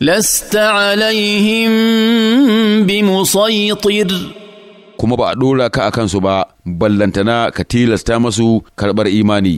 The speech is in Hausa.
لست عليهم بمسيطر kuma ba a ɗora ka a kansu ba ballantana ka tilasta masu karɓar imani